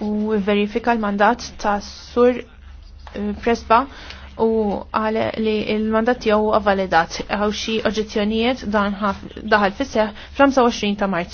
u verifika l-mandat ta' sur eh, presba u għale li il-mandat jew avvalidat għaw xi oġezzjonijiet dan daħal fisseħ fl-25 ta' Marzu.